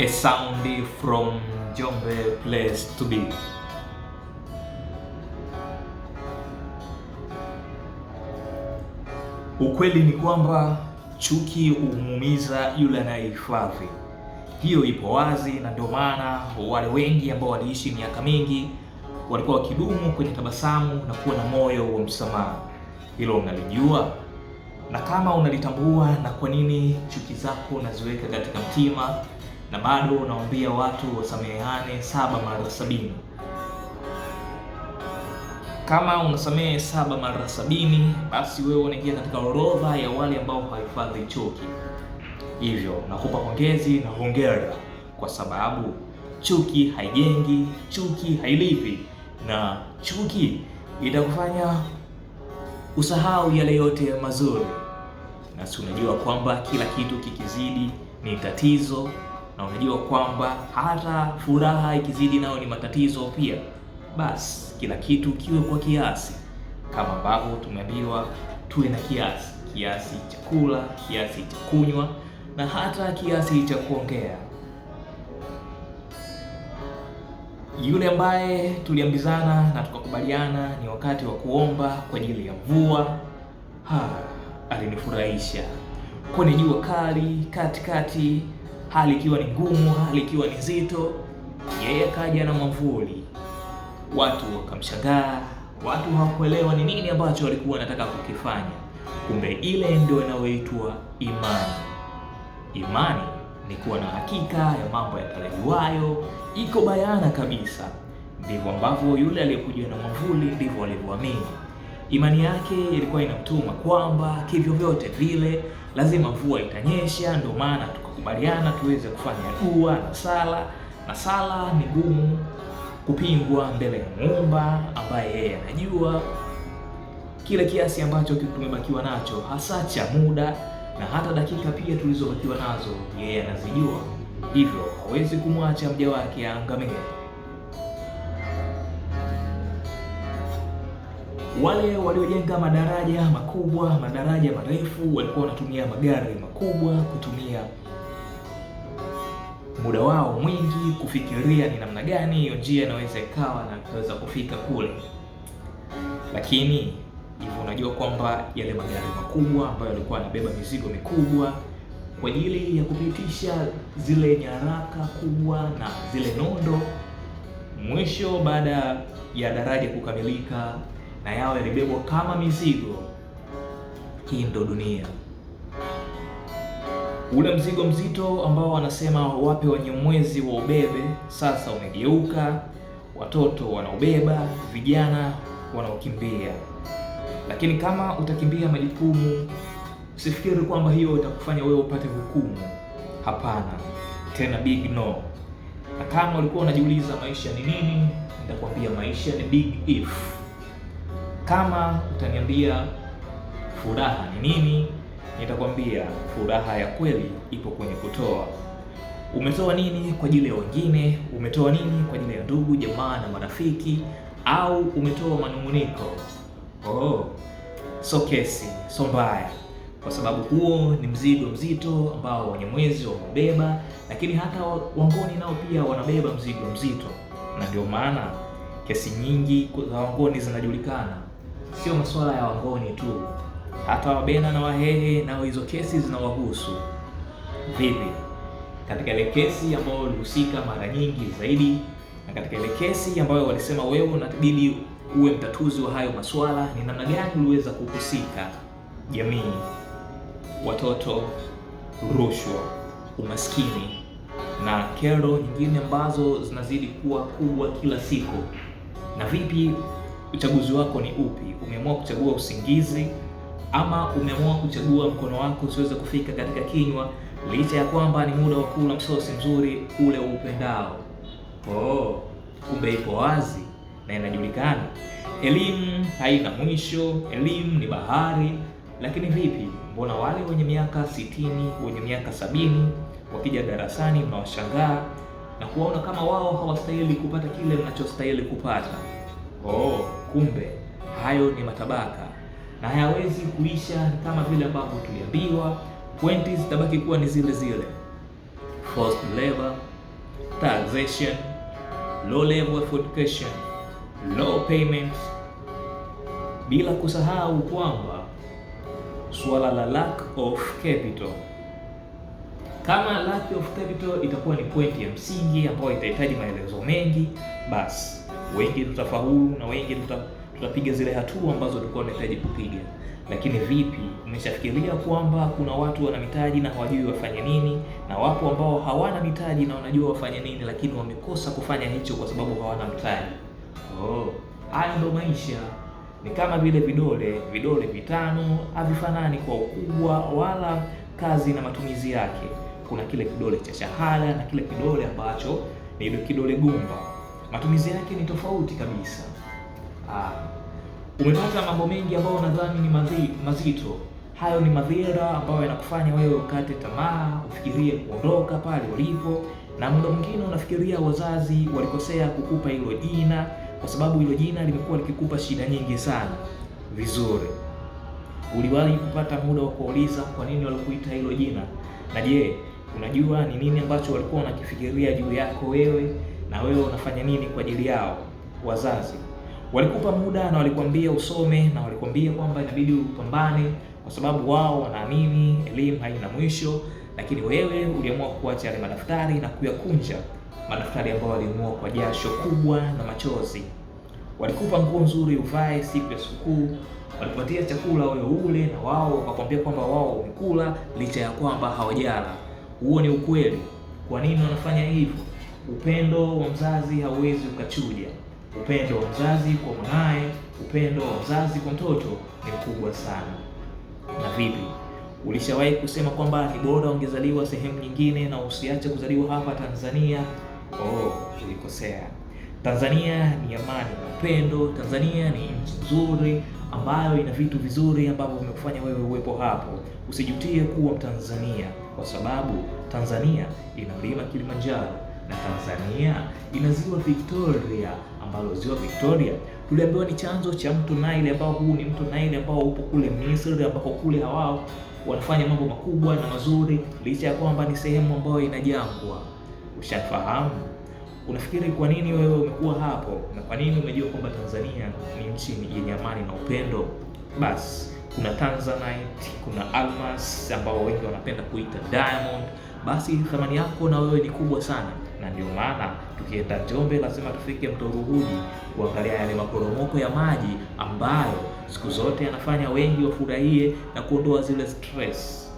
a soundy from Jombe place to be. Ukweli ni kwamba chuki humuumiza yule anayehifadhi. Hiyo ipo wazi, na ndio maana wale wengi ambao waliishi miaka mingi walikuwa wakidumu kwenye tabasamu na kuwa na moyo wa msamaha. Hilo unalijua, na kama unalitambua, na kwa nini chuki zako unaziweka katika mtima na bado naombia watu wasameheane saba mara sabini. Kama unasamehe saba mara sabini, basi wewe unaingia katika orodha ya wale ambao hawahifadhi chuki. Hivyo nakupa pongezi na hongera, kwa sababu chuki haijengi, chuki hailipi, na chuki itakufanya usahau yale yote mazuri, na si unajua kwamba kila kitu kikizidi ni tatizo na unajua kwamba hata furaha ikizidi nayo ni matatizo pia, basi kila kitu kiwe kwa kiasi, kama ambavyo tumeambiwa tuwe na kiasi, kiasi cha kula, kiasi cha kunywa na hata kiasi cha kuongea. Yule ambaye tuliambizana na tukakubaliana ni wakati wa kuomba kwa ajili ya mvua, alinifurahisha kwani jua kali katikati hali ikiwa ni ngumu, hali ikiwa ni nzito, yeye akaja na mwavuli. Watu wakamshangaa, watu hawakuelewa ni nini ambacho walikuwa anataka kukifanya. Kumbe ile ndio inayoitwa imani. Imani ni kuwa na hakika ya mambo yatarajiwayo, iko bayana kabisa. Ndivyo ambavyo yule aliyekuja na mwavuli ndivyo alivyoamini. Imani yake ilikuwa inamtuma kwamba kivyo vyote vile lazima mvua itanyesha, ndio maana tukakubaliana tuweze kufanya dua na sala, na sala ni gumu kupingwa mbele ya Muumba ambaye yeye anajua kile kiasi ambacho tumebakiwa nacho hasa cha muda na hata dakika pia tulizobakiwa nazo yeye anazijua, hivyo hawezi kumwacha mja wake aangamie. Wale waliojenga madaraja makubwa, madaraja marefu, walikuwa wanatumia magari makubwa, kutumia muda wao mwingi kufikiria ni namna gani hiyo njia inaweza ikawa na kuweza kufika kule. Lakini hivyo unajua kwamba yale magari makubwa ambayo yalikuwa yanabeba mizigo mikubwa kwa ajili ya kupitisha zile nyaraka kubwa na zile nondo, mwisho baada ya daraja kukamilika na yao yalibebwa kama mizigo. Hii ndo dunia, ule mzigo mzito ambao wanasema wape wanyamwezi wa ubebe, sasa umegeuka, watoto wanaobeba, vijana wanaokimbia. Lakini kama utakimbia majukumu, usifikiri kwamba hiyo itakufanya wewe upate hukumu. Hapana, tena big no. Na kama ulikuwa unajiuliza maisha ni nini, nitakwambia maisha ni big if. Kama utaniambia furaha ni nini, nitakwambia furaha ya kweli ipo kwenye kutoa. Umetoa nini kwa ajili ya wengine? Umetoa nini kwa ajili ya ndugu jamaa na marafiki, au umetoa manunguniko? Oh, so kesi so mbaya, kwa sababu huo ni mzigo mzito ambao Wanyamwezi wamebeba, lakini hata Wangoni nao pia wanabeba mzigo mzito, na ndio maana kesi nyingi za Wangoni zinajulikana sio masuala ya Wangoni tu, hata Wabena na Wahehe nao hizo kesi zinawahusu. Vipi? Katika ile kesi ambayo ulihusika mara nyingi zaidi, na katika ile kesi ambayo walisema wewe unatabidi uwe mtatuzi wa hayo masuala, ni namna gani uliweza kuhusika? Jamii, watoto, rushwa, umaskini na kero nyingine ambazo zinazidi kuwa kubwa kila siku. Na vipi Uchaguzi wako ni upi? Umeamua kuchagua usingizi ama umeamua kuchagua mkono wako usiweze kufika katika kinywa, licha ya kwamba ni muda wa kula msosi mzuri ule upendao? Oh, kumbe ipo wazi na inajulikana. Elimu haina mwisho, elimu ni bahari. Lakini vipi, mbona wale wenye miaka sitini, wenye miaka sabini wakija darasani mnawashangaa na kuwaona kama wao hawastahili kupata kile mnachostahili kupata? Oh. Kumbe hayo ni matabaka na hayawezi kuisha kama vile ambavyo tuliambiwa. Pointi zitabaki kuwa ni zile zile: forced labor, taxation, low level of education, low payment, bila kusahau kwamba suala la lack of capital. Kama lack of capital itakuwa ni pointi ya msingi ambayo itahitaji maelezo mengi, basi wengi tutafaulu na wengi tuta, tutapiga zile hatua ambazo tulikuwa tunahitaji kupiga. Lakini vipi, umeshafikiria kwamba kuna watu wana mitaji na hawajui wafanye nini, na wapo ambao hawana mitaji na wanajua wafanye nini, lakini wamekosa kufanya hicho kwa sababu hawana mtaji. Oh, hayo ndo maisha. Ni kama vile vidole, vidole vitano havifanani kwa ukubwa wala kazi na matumizi yake. Kuna kile kidole cha shahada na kile kidole ambacho ni kidole gumba matumizi yake ni tofauti kabisa. Ah, umepata mambo mengi ambayo nadhani ni mazi, mazito. Hayo ni madhira ambayo yanakufanya wewe ukate tamaa, ufikirie kuondoka pale ulipo, na muda mwingine unafikiria wazazi walikosea kukupa hilo jina, kwa sababu hilo jina limekuwa likikupa shida nyingi sana. Vizuri, uliwahi kupata muda wa kuuliza kwa nini walikuita hilo jina? Na je, unajua ni nini ambacho walikuwa wanakifikiria juu yako wewe? na wewe unafanya nini kwa ajili yao? Wazazi walikupa muda na walikwambia usome na walikwambia kwamba inabidi upambane, kwa sababu wao wanaamini elimu haina mwisho, lakini wewe uliamua kuacha yale madaftari na kuyakunja, madaftari ambayo waliamua kwa jasho kubwa na machozi. Walikupa nguo nzuri uvae siku ya sikukuu, walikupatia chakula wewe ule, na wao wakakwambia kwamba wao wamekula licha ya kwamba hawajala. Huo ni ukweli. Kwa nini wanafanya hivyo? Upendo wa mzazi hauwezi ukachuja. Upendo wa mzazi kwa mwanaye, upendo wa mzazi kwa mtoto ni mkubwa sana. Na vipi, ulishawahi kusema kwamba ni bora ungezaliwa sehemu nyingine na usiache kuzaliwa hapa Tanzania? Oh, ulikosea. Tanzania ni amani na upendo. Tanzania ni nchi nzuri ambayo ina vitu vizuri ambavyo vimekufanya wewe uwepo hapo. Usijutie kuwa Mtanzania, kwa sababu Tanzania ina mlima Kilimanjaro na Tanzania ina ziwa Victoria, ambalo ziwa Victoria tuliambiwa ni chanzo cha mto Nile, ambao huu ni mto Nile ambao upo kule Misri, ambako kule hawao wanafanya mambo makubwa na mazuri, licha ya kwamba ni sehemu ambayo ina jangwa. Ushafahamu. Unafikiri kwa nini wewe umekuwa hapo na kwa nini umejua kwamba Tanzania ni nchi yenye amani na upendo? Basi kuna Tanzanite, kuna almas ambao wengi wanapenda kuita diamond. Basi thamani yako na wewe ni kubwa sana na ndio maana tukienda Njombe lazima tufike mto Ruhuji kuangalia yale maporomoko ya maji ambayo siku zote yanafanya wengi wafurahie na kuondoa zile stress.